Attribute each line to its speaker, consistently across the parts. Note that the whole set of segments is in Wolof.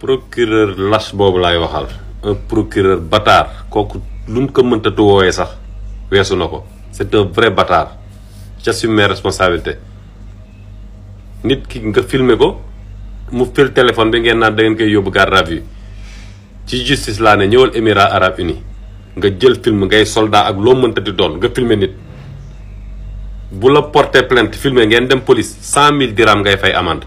Speaker 1: procureur las bobu lay waxal un procureur bâtard kooku luñ ko mëntatu woyé sax wessu nako c'est un vrai bâtard j'assume mes responsabilités nit ki nga filmer ko mu fil téléphone bi ngeen na da ngeen koy yóbbu garde à vue ci justice la né ñëwal émirat arab uni nga jël film ngay soldat ak mënta mëntati doon nga filmer nit bu la porter plainte filmer ngeen dem police 100000 dirham ngay fay amende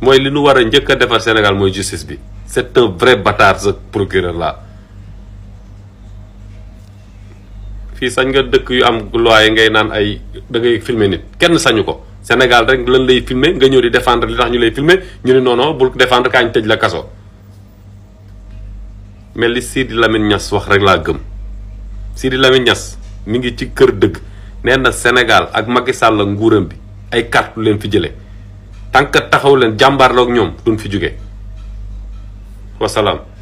Speaker 1: mooy li nu war a njëkk a defar Sénégal mooy justice bi c'est un vrai bâtard ce procureur là fii sañ nga dëkk yu am loi yi ngay naan ay da ngay filmer nit kenn sañu ko Sénégal rek lan lay filmer nga ñëw di défendre li tax ñu lay filmer ñu ne non bul défendre kaa ñu tëj la kaso mel li Sidi Lamine ñas wax rek laa gëm Sidi Lamine ñas mu ngi ci kër dëgg nee na Sénégal ak Macky Sall nguuram bi ay carte leen fi jëlee. tant que taxaw leen jàmbaarloog ñoom duñ fi jóge wasalaam